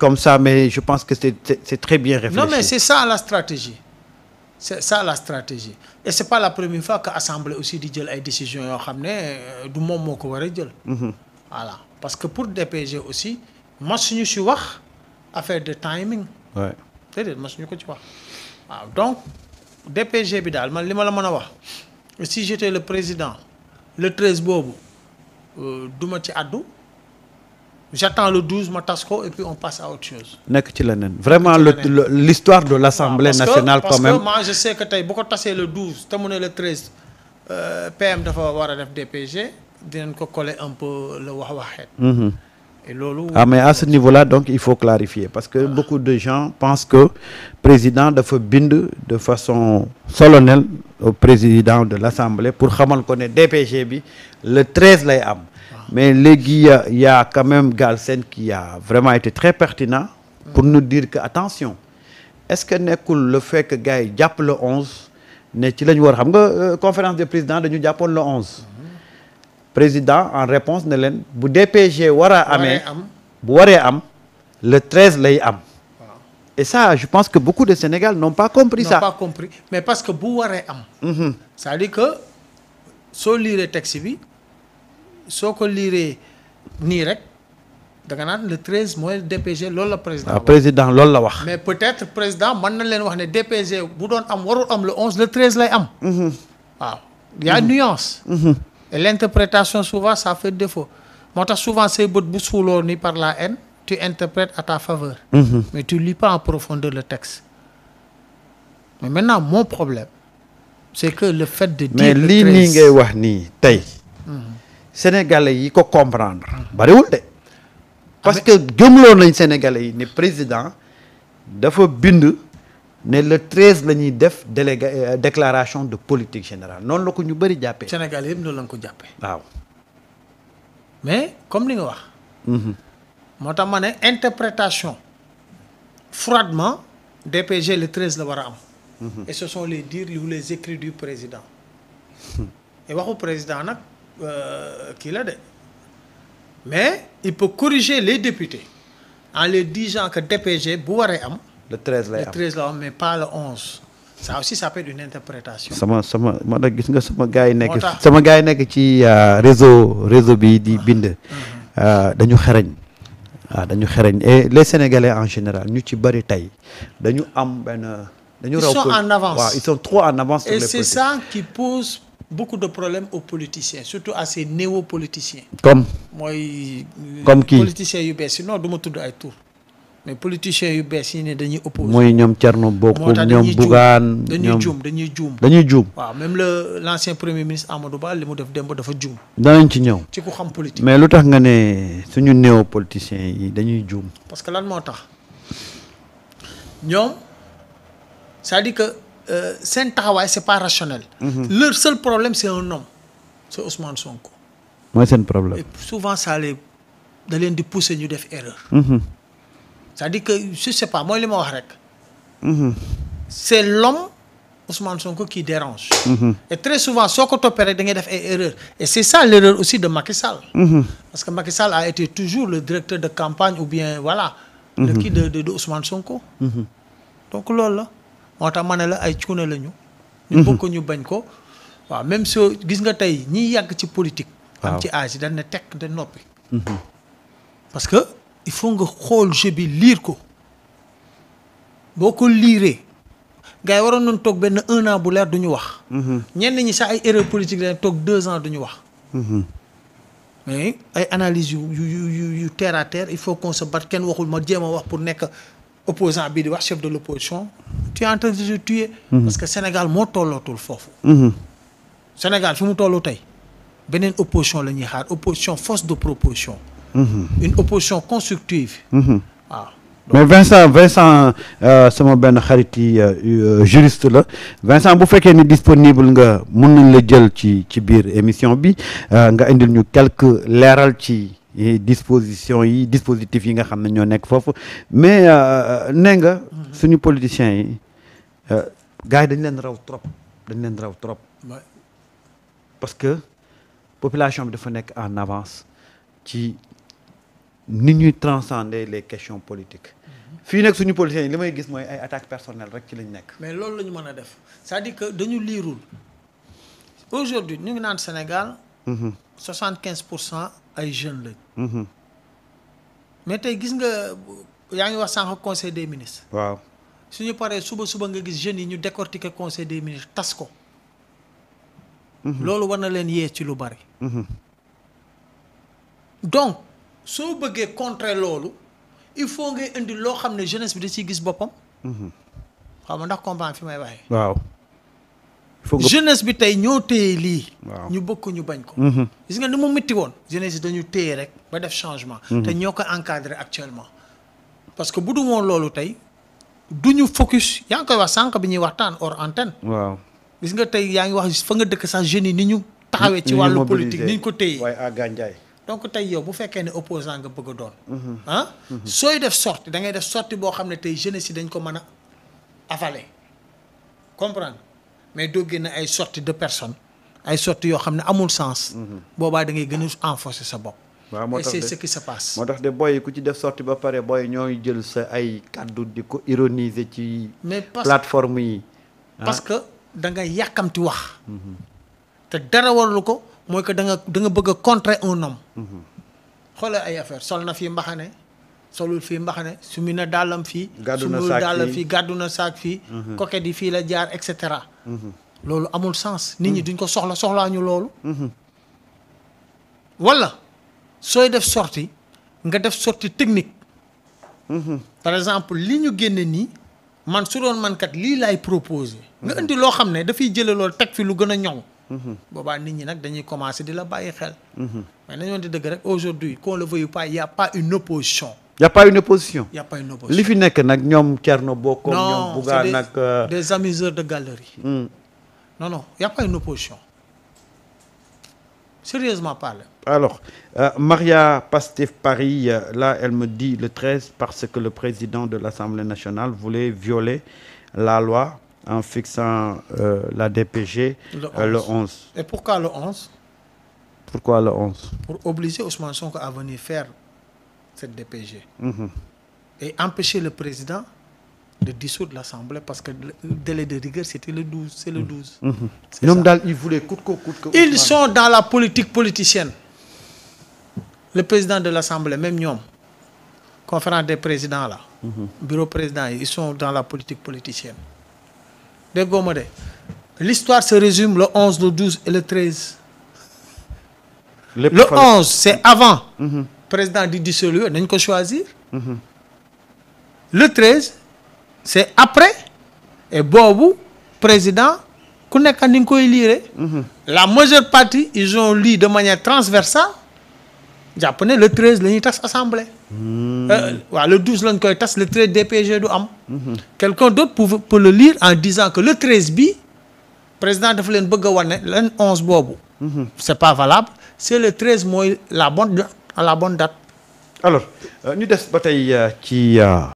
comme ça, mais je pense que c'est très bien réfléchi. Non, mais c'est ça la stratégie. C'est ça la stratégie. Et c'est pas la première fois que l'Assemblée aussi dit qu'il y a des décisions du moment où on jël. Mhm. Voilà. Parce que pour DPG aussi, moi, si nous suis affaire de timing. Ouais. C'est-à-dire, moi, si nous Donc, DPG, Bidal, je vais Si j'étais le président, le 13 bobu, euh, je ne j'attends le 12 ma tas ko et puis on passe à nekk ci nen vraiment le l'histoire de l'Assemblée nationale. quand même parce que moi je que tey bu ko tasee le 12 te mu le euh, PM dafa war a def DPG dinañ ko coller un peu la wax waxeet. Mhm. et loolu. ah mais à ce niveau-là donc il faut clarifier parce que beaucoup de gens pensent que président dafa bind de façon solennelle au président de l'Assemblée pour xamal ko ne DPG bi le 13 lay am. mais léegi il y même Galsen qui a vraiment été très pertinent pour nous dire que attention est-ce que nekkul le fait que gars yi jàpp le 11 ne ci la ñu war xam nga euh, conférence des présidents dañu jàppoon le président en réponse ne leen bu DPG war a amee bu waree am le 13 lay am et ça je pense que beaucoup de Sénégal n'ont pas compris ça n'ont pas compris mais parce que bu waree am mhm. c'est-à-dire que soo liiree texte soo ko liiree nii rek danga naan le treize mooy DPG loolu la président. Ah, waaw président loolu la wax. mais peut-être président man na leen wax ne DPG bu doon am warul am le onze le treize lay am. Mhm. waaw y a mhm. nuance. Mhm. et l'interprétation souvent ça fait défaut moo tax souvent say bët bu suuloo ni par la haine tu interprètes à ta faveur. mais tu lis pas en profondeur le texte. mais maintenant mon problème c'est que le fait de. dire mais lii nii ngay wax nii tey. sénégalais yi ko comprendre ah. bariwul de parce que gëmloo nañ sénégalais yi ni président dafa bind ne le treize la ñuy def déléga euh, déclaration de politique générale noonu la ko ñu bëri jàppee. Sénégal yëpp noonu lañu ko jàppee. waaw. mais comme li nga wax. Mhm. moo tax ma ne interprétation froidement DPG le treize la war a am. Mhm. et ce sont les dires ou les écrits du président. Mhm. et waxu président nag. Euh, kii la de mais il peut corriger les députés en leur disant que DPG bu waree am. le 13 lay am le mais pas le 11. ça aussi ça peut être sama sama moo tax gis nga sama gars yi nekk. sama gars yi nekk ci euh, réseau réseau bi di ah. bind. Mm-hmm. Euh, dañu xereñ waaw ah, dañu xereñ et les sénégalais en général ñu ci bëri tey dañu am benn. dañu trop en avance. et c'est ça qui pose beaucoup de problèmes aux politiciens surtout à ces néo-politiciens. comme mooy. comme kii politiciens yu bees si non du ma tudd ay tur. mais politicien yu bees yi ne dañuy ëpp mooy ñoom Thierno Bocoum ñoom Bougane dañuy juum dañuy juum dañuy juum. waaw même le l' ancien premier ministre Amadou Ba li mu def démb dafa juum. danañ ci ñëw. ci ku xam politique. mais lu tax nga ne suñu néo-politiciens yi dañuy juum. parce que lan moo tax ñoom cest à que. Euh, seen taxawaay c'est pas rationnel. Mhm. leur seul problème c'est un homme c'est Ousmane Sonko. mooy seen problème et souvent ça les da leen di pousser ñu def erreur. Mhm. c'est-à-dire que je sais pas mooy li ma wax rek. Mhm. c'est l'homme Ousmane Sonko qui dérange. et très souvent soo ko toppee rek da ngay def ay erreurs et c'est ça l'erreur aussi de Macky Sall. parce que Macky Sall a été toujours le directeur de campagne ou bien voilà. de kii de de Ousmane Sonko. donc loolu la. moo tax ma ne la ay cuune lañu ñu. ñu mhm. ko ñu bañ ko. waaw même soo gis nga tey ñiy yàgg ci politique. am ci âge yi teg ne de noppi. Mhm. parce que il faut nga xool jeu bi liir ko boo ko liiree. gars yi waroon nañ toog benn un an bu leer du ñu wax. Mhm. ñenn ñi sax ay erreur politique lañ toog deux ans du wax. mais ay analyse yu yu yu yu terre à il faut qu'on se batte kenn waxul ma jéem a wax pour nekk opposant bi di wax chef de l'opposition tu es en train de te tuer mhm. parce que Sénégal moo tollootul foofu mhm. Sénégal fi mu tey beneen opposition la ñuy xaar opposition force de proposition mhm. une opposition constructive waaw ah, mais Vincent Vincent euh, sama benn xarit yi euh, euh, juriste la Vincent bu fekkee ni disponible nga mun nañ la jël ci ci biir émission bi nga indil ñu quelques leeral ci disposition yi dispositif yi nga xam ne ñoo nekk foofu mais euh, nee nga suñu politiciens yi euh, gars yi dañ leen raw trop dañ leen raw trop parce que population bi dafa nekk en avance ci ni ñuy transcender les question politique mm-hmm. fii nekk suñu politiciens yi li may gis mooy ay attaques personnelles rek ci lañ nekk mais loolu la ñu mën a def c'est-à-dire que dañu liirul aujourd'hui ñu ngi naan Sénégal mm-hmm. soixante quinze pour cent ay jeunes lañ. Mhm. mais tey gis nga yaa ngi wax sànq conseil des ministre waaw suñu paree suba suba nga gis jeunes yi ñu décortiquer conseil des ministres tas ko. Mhm. loolu war na leen yee ci lu bari. Mhm. donc soo bëggee contrer loolu il faut ngay indi loo xam ne jeunes bi da si gis boppam. xaw ma ndax comprendre fi may waxee. waaw. jeunesse bi tey ñoo téye lii. ñu bëgg ko ñu bañ ko. Mhm. gis nga ni mu métti woon. jeunesse dañu téye rek ba def changement. Mhm. te ñoo ko encadré actuellement. parce que bu du woon loolu tey du ñu focus yaa ngi koy wax sànq bi ñuy waxtaan or antenne. waaw gis nga tey yaa ngi wax fa nga dëkk sax jeunes yi ni ñu. taxawee ci wàllu politique ni ñu ko téye. waaye à Gandiaye donc tey yow bu fekkee ne opposant nga bëgg a doon. Mhm. ah sooy def sortie da ngay def sorti boo xam ne tey jeunesse yi dañ ko mën a avalé mais doo génne ay sorties de personne ay sorties yoo xam ne amul sens. boobaa dangay ngay gën a enfoncer sa bopp. waaw moo tax de ce moo tax de booy ku ci def sorti ba pare booy ñooy jël sa ay kàddu di ko ironiser ci. mais plateforme yi. parce ah. que da nga yàkkamti wax. te dara warlu ko mooy que danga nga da nga bëgg a contrer un homme. xoolee ay affaire sol na fii mbaxane solul fii mbaxane su mi na dàllam fii. gàddu na saak fii fii mhm. gàddu na saak fii. coquette yi fii la jaar et cetera. loolu amul sens. nit ñi mm. duñ ko soxla soxlaa ñu loolu. Mm-hmm. wala sooy def sorti nga def sorti technique. Mm-hmm. par exemple li ñu génne nii man su doon man kat lii laay proposé. nga mm-hmm. indi loo xam ne dafay jëlee loolu teg fi lu gën a ñoŋ. boobaa nit ñi nag dañuy commencé di la bàyyi xel. mais nañu di dëgg rek aujourd'hui qu'on le veuille pas il y a pas une opposition. y' a pas une opposition. y' pas une opposition li fi nekk nag ñoom Thierno Bokk. ñoom Bouga nag des euh, des de galerie. Hmm. non non y' a pas une opposition sérieusement parlé. alors euh, Maria Pastef Paris euh, là elle me dit le 13 parce que le président de l'Assemblée nationale voulait violer la loi en fixant euh, la DPG. le 11 euh, le 11. et pourquoi le 11. pourquoi le 11. pour obliger Ousmane Sonko à venir faire. cette DPG. Mmh. Et empêcher le président de dissoudre l'Assemblée parce que le délai de rigueur, c'était le 12, c'est le 12. Mhm. Mhm. ils sont dans la politique politicienne. le président de l'Assemblée même ñoom conférence des présidents là. Mhm. bureau président yi ils sont dans la politique politicienne. déggoo ma de l'histoire se résume le 11 le et le 13. le 11 c'est avant. président di dissoluer nañ ko choisir. le treize. c' est après et boobu président ku nekk ni nga koy liire la majeure partie ils ont li de manière transversale jàpp ne le treize la ñuy tas assemblée. Hmm. Euh, waaw le douze lañ koy tas le treize DPG du am. Hmm. quelqu'un d'autre pour pour le lire en disant que le treize bi président dafa leen bëgg a wane leen onze boobu. Hmm. c' est pas valable c' le treize mooy la bonne. à la alors euh, ñu des ba tey euh, ci. Euh,